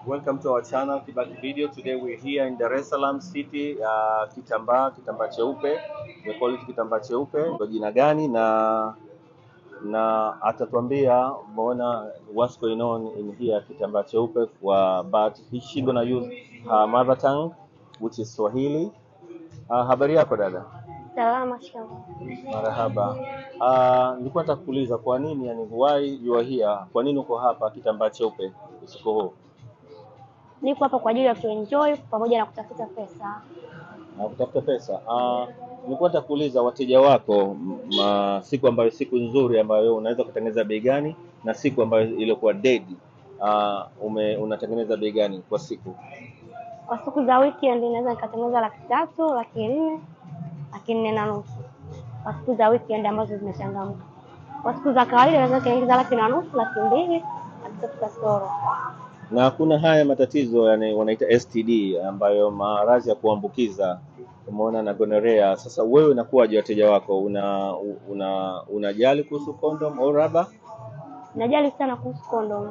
Welcome to our channel Kibaki Video. Today we're here in Dar es Salaam City, uh, kitambaa kitambaa cheupe. We call it kitambaa cheupe kwa jina gani na na atatuambia mbona what's going on in here kitambaa cheupe kwa but she gonna use her uh, mother tongue which is Swahili. Uh, habari yako dada? Salama shikamoo. Marahaba. Uh, nilikuwa nataka kuuliza kwa nini yani why you are here? Kwa nini uko hapa kitambaa cheupe usiku huu? niko hapa kwa ajili ya kuenjoy pamoja na kutafuta pesa na kutafuta pesa. Uh, nilikuwa nitakuuliza wateja wako mm, ma, siku ambayo siku nzuri ambayo unaweza kutengeneza bei gani na siku ambayo iliyokuwa dead uh, ume, unatengeneza bei gani kwa siku? Kwa siku za weekend naweza nikatengeneza laki tatu, laki nne, laki nne na nusu kwa siku za weekend ambazo zimechangamka. Kwa siku za kawaida naweza nikaingiza laki na nusu, laki mbili, laki tatu kasoro na kuna haya matatizo yani wanaita STD ambayo maradhi ya kuambukiza umeona na gonorea. Sasa wewe unakuwaje wateja wako, una una unajali kuhusu kondom au raba? Najali sana kuhusu kondom.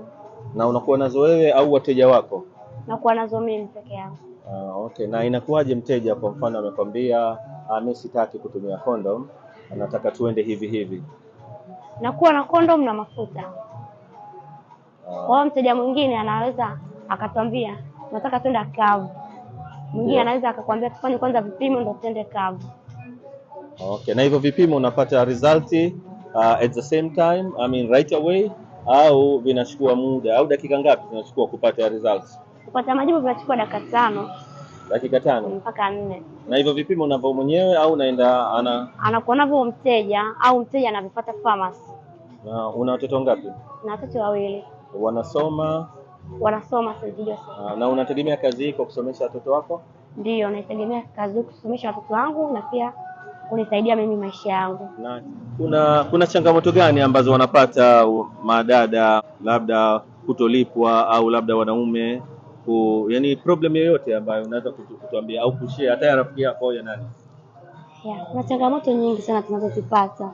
Na unakuwa nazo wewe au wateja wako? Nakuwa nazo mimi peke yangu. Ah, okay. Na inakuwaje mteja kwa mfano amekwambia ah, mimi sitaki kutumia kondom, anataka tuende hivi hivi? Nakuwa na kondom na mafuta. Kwa hiyo mteja mwingine anaweza akatwambia nataka twende kavu, mwingine yeah. anaweza akakwambia tufanye kwanza vipimo ndo tuende kavu. Okay, na hivyo vipimo unapata result uh, at the same time I mean right away au vinachukua muda au dakika ngapi zinachukua kupata result? Kupata majibu vinachukua dakika tano dakika tano mpaka nne. Na hivyo vipimo unavyo mwenyewe au unaenda ana anakuwa navyo mteja au mteja anavipata pharmacy. Na una watoto ngapi? Na watoto wawili wanasoma wanasoma St. Joseph. Ah, na unategemea kazi hii kwa kusomesha watoto wako? ndio naitegemea kazi hii kusomesha watoto wangu na pia kunisaidia mimi maisha yangu. Na kuna kuna changamoto gani ambazo wanapata madada, labda kutolipwa au labda wanaume ku, yani problem yoyote ambayo unaweza kutuambia au kushare hata ya rafiki yako ya nani? Ya, kuna changamoto nyingi sana tunazozipata.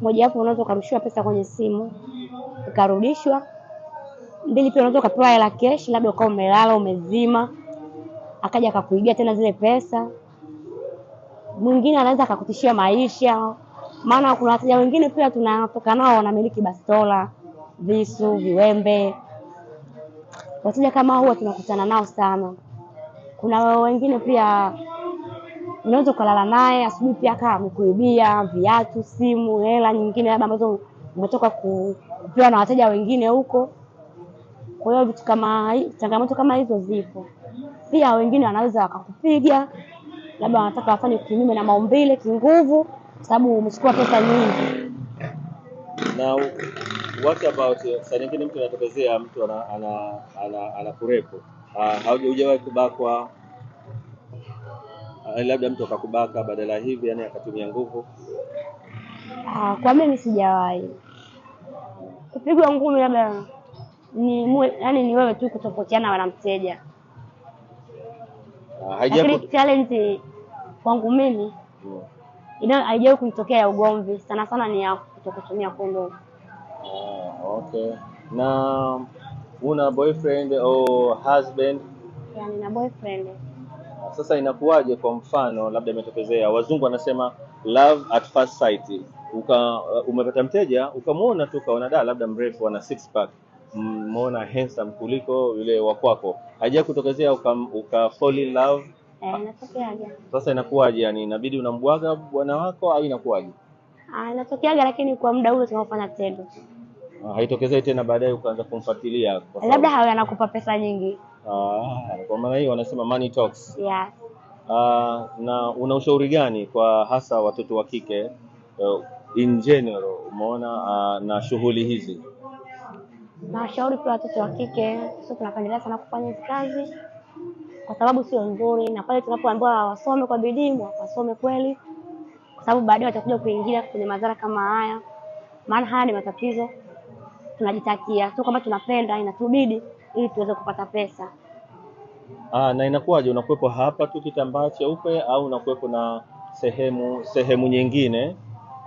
Mojawapo, unaweza ukarushiwa pesa kwenye simu ikarudishwa mbili pia unaweza ukapewa hela keshi, labda ukawa umelala umezima, akaja akakuibia tena zile pesa. Mwingine anaweza akakutishia maisha, maana kuna wateja wengine pia tunatoka nao wanamiliki bastola, visu, viwembe. Wateja kama huwa tunakutana nao sana. Kuna wengine pia unaweza ukalala naye asubuhi pia kaa amekuibia viatu, simu, hela nyingine labda ambazo umetoka kupewa na wateja wengine huko. Kwa hiyo vitu kama changamoto kama hizo zipo. Pia wengine wanaweza wakakupiga, labda wanataka wafanye kinyume na maumbile kinguvu, sababu umechukua pesa nyingi. Now what about saa nyingine mtu anatokezea mtu ana ana ana anakurepo ah, haujawahi kubakwa ah, labda mtu akakubaka badala hivi, yani akatumia nguvu. Ah, kwa mimi sijawahi kupigwa ngumi labda ni mwe, yani ni wewe tu kutofautiana na mteja. Ah, Lakini challenge kwangu mimi mm. ina haijawahi kunitokea ya ugomvi, sana sana ni ya kutokutumia kondomu. Ah, okay. Na una boyfriend au husband? Yeah, nina boyfriend. Ah, sasa inakuwaje? Kwa mfano labda imetokezea, wazungu wanasema love at first sight, uka uh, umepata mteja ukamwona tu ukaona da, labda mrefu ana six pack mmeona handsome kuliko yule wa kwako, haija kutokezea uka, uka fall in love anatokeaga. Eh, Sasa inakuwaje? Yani inabidi unambwaga bwana wako au inakuwaje? Anatokeaga, ah, lakini kwa muda ule tunafanya tendo ah, haitokezei tena baadaye, ukaanza kumfuatilia labda hawe anakupa pesa nyingi. Ah, kwa maana hiyo wanasema money talks. Yeah. Ah, na una ushauri gani kwa hasa watoto wa kike uh, in general umeona uh, na shughuli hizi Nawashauri pia watoto wa kike, sio tunapendelea sana kufanya hizi kazi kwa sababu sio nzuri, na pale tunapoambiwa wasome kwa bidii, wasome kweli, kwa sababu baadaye watakuja kuingia kwenye madhara kama haya, maana haya ni matatizo tunajitakia, sio kwamba tunapenda, inatubidi ili tuweze kupata pesa. Aa, ah, na inakuwaje, unakuwepo hapa tu kitambaa cheupe au unakuwepo na sehemu sehemu nyingine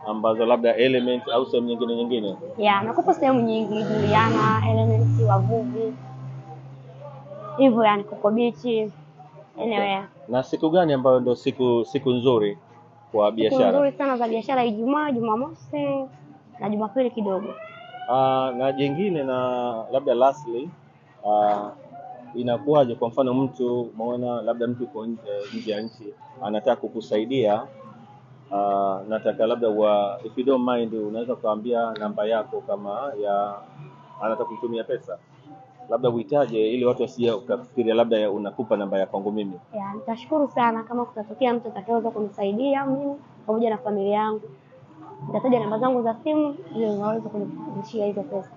ambazo labda Element au sehemu nyingine nyingine? Yeah, nakupa sehemu nyingi, Juliana, Element, wavuvi hivyo, yani kuko Beach anyway. Na siku gani ambayo ndio siku siku nzuri kwa biashara? Siku nzuri sana za biashara Ijumaa, Jumamosi na Jumapili kidogo. Uh, na jingine na labda lastly uh, inakuwaje kwa mfano mtu umeona labda mtu uko nje ya nchi anataka kukusaidia Uh, nataka labda wa, if you don't mind unaweza kuambia namba yako kama ya anataka kutumia pesa labda uitaje ili watu wasije ukafikiria labda unakupa namba ya kwangu mimi. Yeah, nitashukuru sana kama kutatokea mtu atakayeweza kunisaidia mimi pamoja na familia yangu. Nitataja namba zangu za simu ili waweze kunishia hizo pesa.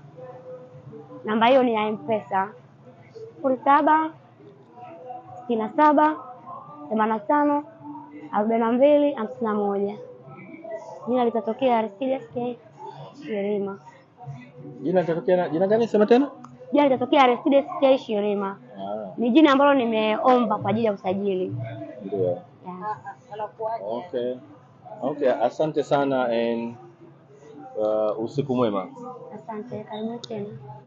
Namba hiyo ni ya M-Pesa. sifuri saba sitini na saba themanini na tano arobaini na mbili hamsini na moja. Jina litatokea Aristides Shirima. Jina litatokea jina gani? Sema tena. Jina litatokea Aristides K Shirima. Ah. Ni jina ambalo nimeomba kwa ajili ya usajili. Ndio. Okay. Okay, asante sana and uh, usiku mwema. Asante, karibu tena.